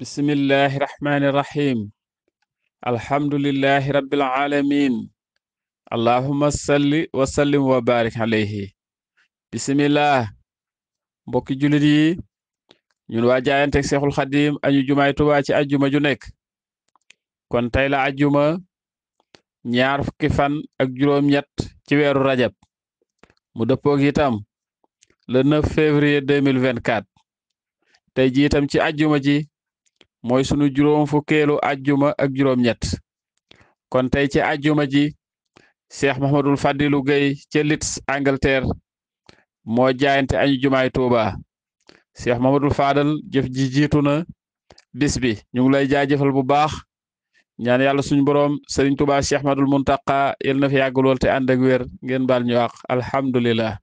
بسم الله الرحمن الرحيم الحمد لله رب العالمين اللهم صل وسلم وبارك عليه بسم الله mbokki jullit yi ñun waa jaayanteeg seexul xadim añu jumaay Tuubaa ci ajjuma ju nekk kon tey la ajjuma ñaar fukki fan ak juróom-ñett ci weeru rajab mu dëppoog itam le 9 février 2024 tey ji itam ci ajjuma ji mooy sunu juróom fukkeelu ajjuma ak juróom-ñett kon tey ci ajjuma ji Cheikh Mouhamadul Fadilu Gueye ca Leeds Angleterre moo jaayante añu jumaay Touba Cheikh Mouhamadul Fadal jëf ji jiitu na bis bi ñu ngi lay jaajëfal bu baax ñaan yàlla suñu borom Serigne Touba Cheikh Madul Muntaqa yal na fi yàgg lool te ànd ak ngeen baal ñu àq alhamdulillah.